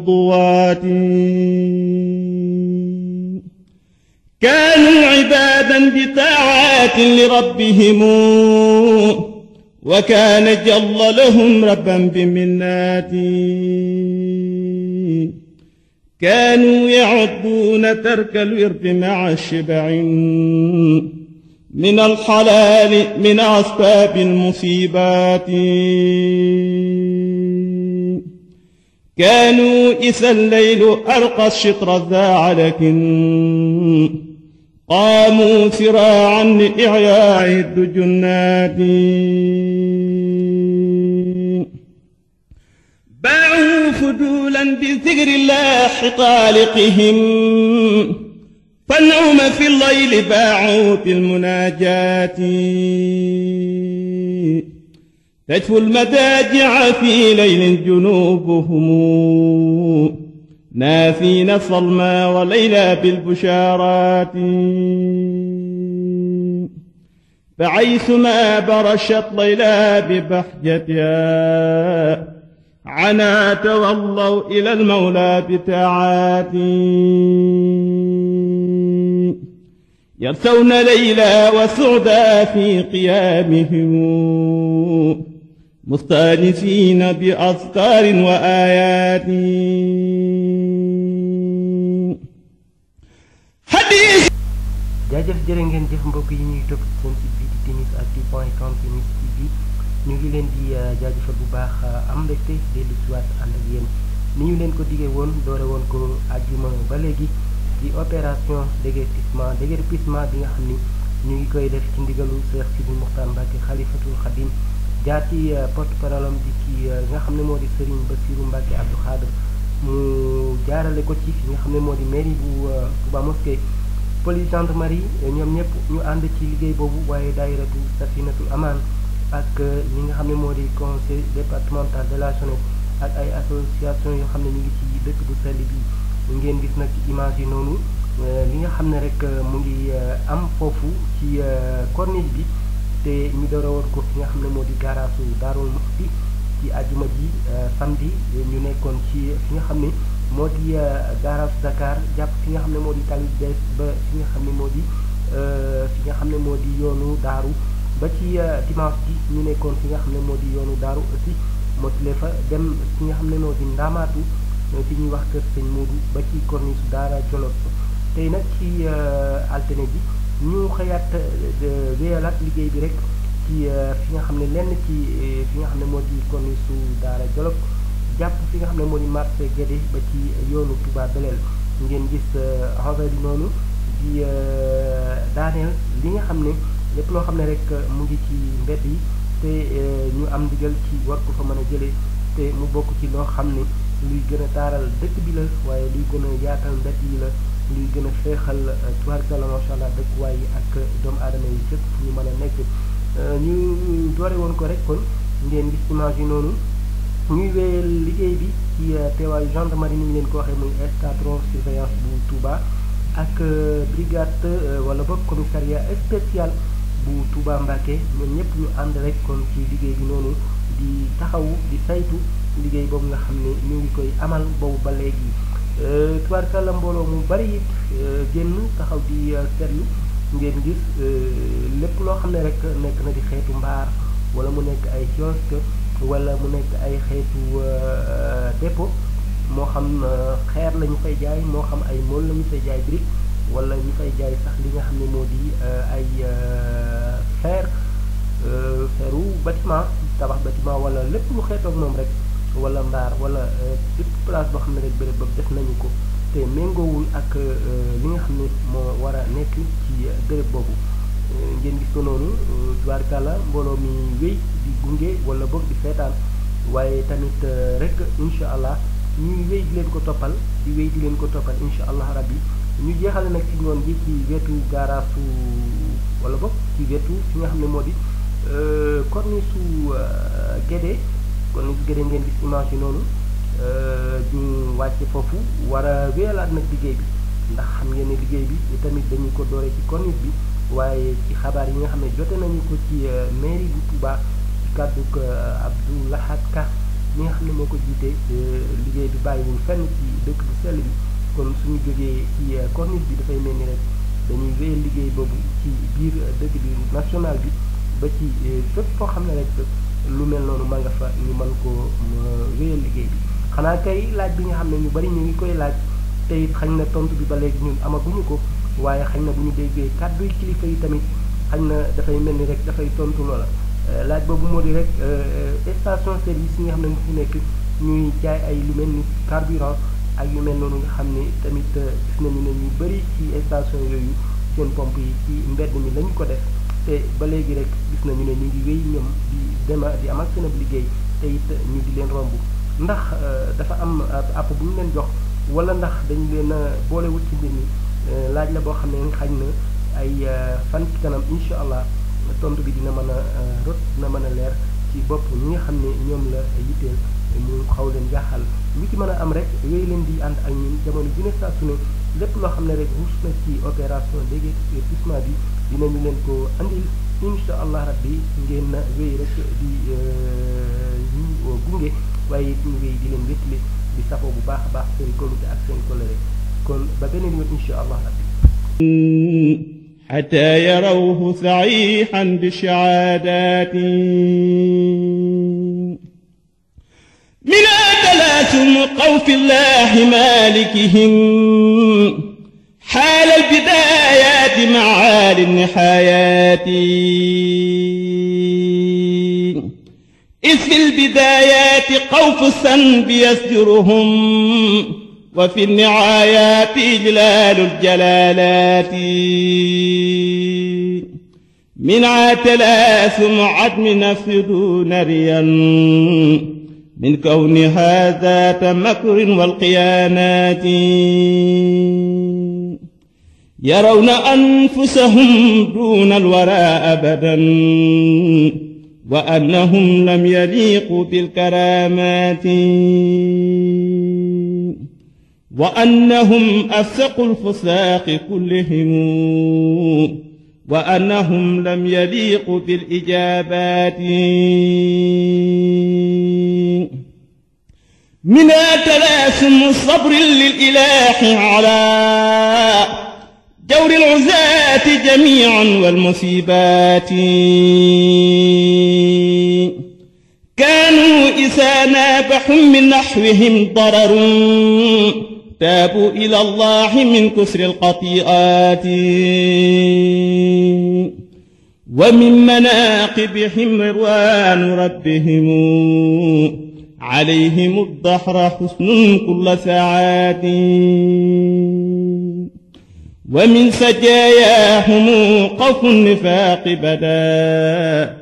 خطواتي كانوا عبادا بطاعات لربهم وكان جل لهم ربا بمنات كانوا يعدون ترك الورد مع الشبع من الحلال من أسباب المصيبات كانوا إذا الليل ألقى الشطر ذا لكن قاموا سراعا لإعياء الدجنات باعوا فدولا بذكر الله حطالقهم فالنوم في الليل باعوا بالمناجات تجفو المداجع في ليل جنوبهم نافين الصلما وليلى بالبشارات فعيث ما برشت ليلى ببحجتها عنا تولوا إلى المولى بتعاتي يرثون ليلى وسعدا في قيامهم مستأنسين بأذكار وآيات حديث jaajëf jërë ngeen jëf mbokk yi ñuy topp seen site bi di tennis actu point com tennis tv ñu ngi leen di euh, jaajëfal bu baax euh, am mbégte dellu si waat ànd ak yéen ni ñu leen ko diggee woon doore woon ko àjjuma ba léegi di opération déguerpissement déguerpissement bi nga xam ni ñu ngi koy def ci ndigalu Cheikh Sidi Moukhtar Mbacké xalifatul Xadim jaar ci euh, porte parole am di ki euh, nga xam ne moo di Serigne Bassirou Mbacké Abdou Khadre mu jaarale ko ci nga xam ne moo di mairie bu euh, Touba Mosquée police gendarmerie ñoom ñëpp ñu ànd ci liggéey boobu waaye daayiratu Safinatul Aman ak li nga xam ne moo di conseil départemental de la jeunesse ak ay association yoo xam ne ñu ngi ci dëkk bu sell bi ngeen gis nag ci image yi noonu li nga xam ne rek mu ngi am foofu ci corniche bi te ñu doroon ko fi nga xam ne moo di garaasu Daarul Muxti ci àjjuma ji euh, samedi ñu nekkoon ci fi nga xam ne moo di euh, garaasu Dakar jàpp fi nga xam ne moo di tali ba fi nga xam ne moo di euh, nga xam ne moo di yoonu daaru ba ci dimanche bi ñu nekkoon fi nga xam ne moo di yoonu daaru aussi motile fa dem fi nga xam ne moo di ndaamaatu fi ñuy wax kër moo Moodu ba ci corniche daara Jolof tey nag ci altine bi ñu xëyaat euh, euh, wéyalaat liggéey bi rek ci euh, fi nga xam ne lenn ci fi nga xam ne moo di corniche daara Jolof jàpp fi nga xam ne moo di marché Guédé ba ci yoonu Touba Belel ngeen gis xaw di noonu di daaneel li nga xam ne lépp loo xam ne rek mu ngi ci mbedd yi te ñu am ndigal ci war ko fa mën a jëlee te mu bokk ci loo xam ne luy gën a taaral dëkk bi la waaye luy gën a yaatal mbedd yi la luy gën a xeexal euh, tubaarkalla macha allah dëkkuwaay yi ak doomu aadama yi fépp fu ñu mën a nekk euh, ñu doore woon ko rek kon ngeen gis image yi noonu ñuy wéyal liggéey bi ci euh, teewaayu gendarmerie ni ñu leen ko waxee muy escadron surveillance bu Touba ak brigade wala boog commissariat spécial bu Touba Mbacké ñoom ñëpp ñu ànd rek kon ci liggéey bi noonu di taxawu di saytu liggéey boobu nga xam ne ñu ngi koy amal boobu ba léegi. Euh, tubaarkàlla mbooloo mu bari it euh, génn taxaw di euh, seetlu ngeen gis lépp loo xam ne rek nekk na di xeetu mbaar wala mu nekk ay kiosque wala mu nekk ay xeetu dépôt moo xam xeer la ñu fay jaay moo xam ay mool lañu ñu fay jaay brique wala ñu fay jaay sax li nga xam ne moo di ay fer feru bâtiment tabax bâtiment wala lépp lu xeetook moom rek wala mbaar wala toute euh, place boo xam ne rek béréb boobu def nañu ko te méngoowul ak euh, li nga xam ne moo war a nekk ci euh, béréb boobu ngeen gis ko noonu tubaarkàlla mbooloo mi wéy di gunge wala boog di seetaan waaye tamit rek incha allah ñuy wéy di leen ko toppal di wéy di leen ko toppal incha allah rabbi ñu jeexale nag ci ngoon gi ci wetu gaaraasu wala boog ci wetu fi nga xam ne moo di corniche su Guédé kon gërëm ngeen gis image yi noonu euh, ñu wàcc foofu war a wéyalaat nag liggéey bi ndax xam ngeen ne liggéey bi tamit dañu ko doore ci corniche bi waaye ci xabaar yi nga xam ne jote nañu ko ci euh, mairie bu Touba ci kàddu euh, Abdou Lahad Ka mi nga xam ne moo ko jiite liggéey bi bàyyiwul fenn ci dëkk bu sell bi kon suñu jógee ci corniche bi dafay mel ni rek dañuy wéyal liggéey boobu ci biir dëkk bi national bi ba ci fépp foo xam ne rek lu mel noonu ma nga fa ñu mën koo wéyal liggéey bi xanaa kay laaj bi nga xam ne ñu bari ñu ngi koy laaj te xañ na tontu bi ba léegi ñu amaguñu ko waaye xañ na bu ñu déggee kàddu kilifa yi tamit xañ na dafay mel ni rek dafay tontu loola euh, laaj boobu moo di rek euh, euh, station service yi nga xam ne ñu fi nekk jaay ay lu mel ni carburant ak yu mel noonu nga xam ne tamit gis nañu ne ñu bari ci station yooyu seen pompe yi ci mbedd mi lañu ko def te ba léegi rek gis nañu ne ñu ngi dema di amal seen ab liggéey te it ñu di leen romb ndax euh, dafa am app bu ñu leen jox wala ndax dañu leen a boolewut ci mbir mi euh, laaj la boo xam ne xañ na ay euh, fan ci kanam incha allah tontu bi dina mën a rot na mën a leer ci bopp ñi nga xam ne ñoom la yitteel ñu xaw leen jaaxal lu ci mën a am rek yooyu leen di ànd ak ñun jamono ju saa su ne lépp loo xam ne rek ruus na ci opération déguerpissement bi ñu leen ko andil إن شاء الله ربي نجينا وي رك دي ني و غونغي واي تي وي دي لين ريتلي دي باخ باخ سين كولو دي اك سين كولري كون با بنين الله ربي حتى يروه صحيحا بشعادات من أدلات قوف الله مالكهم حال وجعل إذ في البدايات قوف السنب بيسجرهم وفي النعايات إجلال الجلالات من عاتلا ثم من نفس دون من كونها ذات مكر والقيانات يرون أنفسهم دون الورى أبدا وأنهم لم يليقوا بالكرامات وأنهم أفسقوا الفساق كلهم وأنهم لم يليقوا بالإجابات من تلاسم صبر للإله على بالعزاة جميعا والمصيبات كانوا إذا نابح من نحوهم ضرر تابوا إلى الله من كسر القطيئات ومن مناقبهم روان ربهم عليهم الدحر حسن كل ساعات ومن سجاياهم قوف النفاق بدا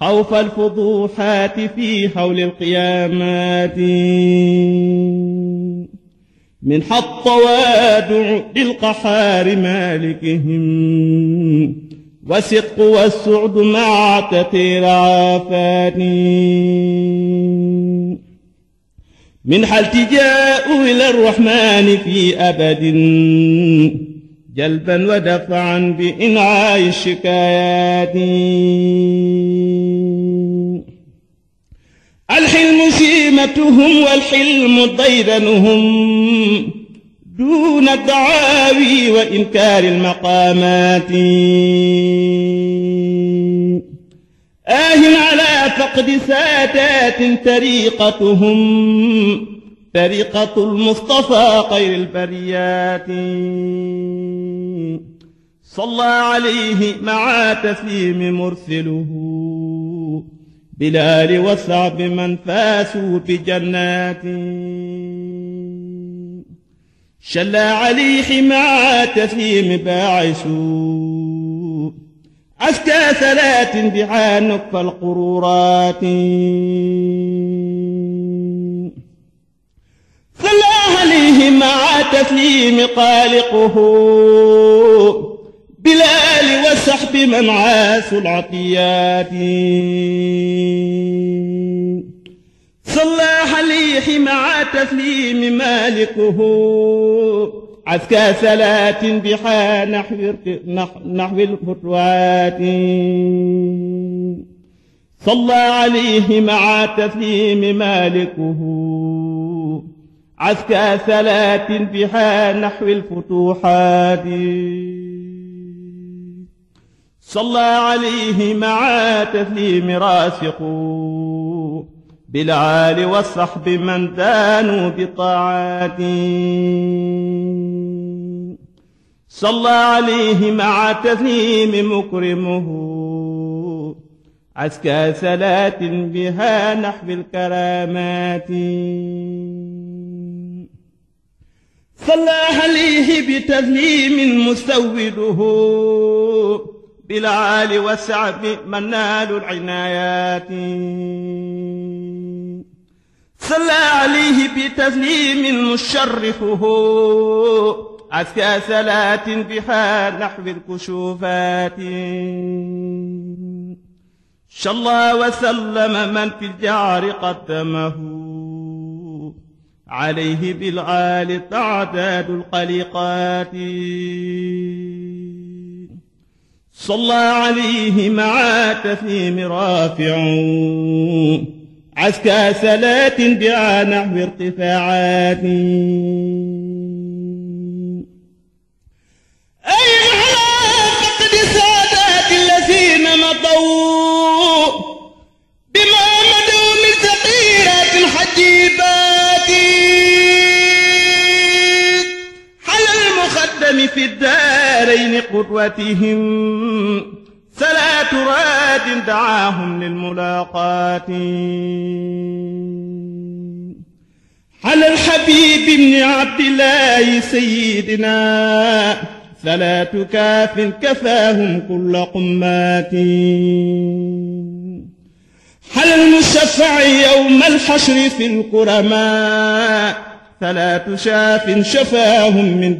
خوف الفضوحات في حول القيامات من حط وادع للقحار مالكهم وسق والسعد مع تثير عافات حلت التجاء إلى الرحمن في أبد جلبا ودفعا بإنعاء الشكايات الحلم سيمتهم والحلم ضيرنهم دون الدعاوي وإنكار المقامات آه على فقد سادات طريقتهم طريقة المصطفى خير البريات صلى عليه مع تسليم مرسله بلال وصعب من فاسوا بجنات شلى عليه مع تسليم باعثوا أزكى ثلاث دعا نكف القرورات التسليم قالقه بالآل وسحب من عاس العطيات صلى عليه مع تسليم مالقه عسكى صلاة بحا نحو نحو الفتوات صلى عليه مع تسليم مالكه عسكى ثلاث بها نحو الفتوحات صلى عليه مع تسليم راسخ بالعال والصحب من دانوا بطاعات صلى عليه مع تسليم مكرمه عسكى ثلاث بها نحو الكرامات صلى عليه بتذليم مسوده بلعال والسعب منال العنايات صلى عليه بتسليم مشرفه عسكى صلاة بها نحو الكشوفات صلى وسلم من في الجعر قدمه عليه بالعال تعداد القلقات صلى عليه مع تثيم رافع عسكى سلات بعانه نحو ارتفاعات قدوتهم فلا تراد دعاهم للملاقات على الحبيب بن عبد الله سيدنا فلا تكاف كفاهم كل قمات على المشفع يوم الحشر في الكرماء فلا تشاف شفاهم من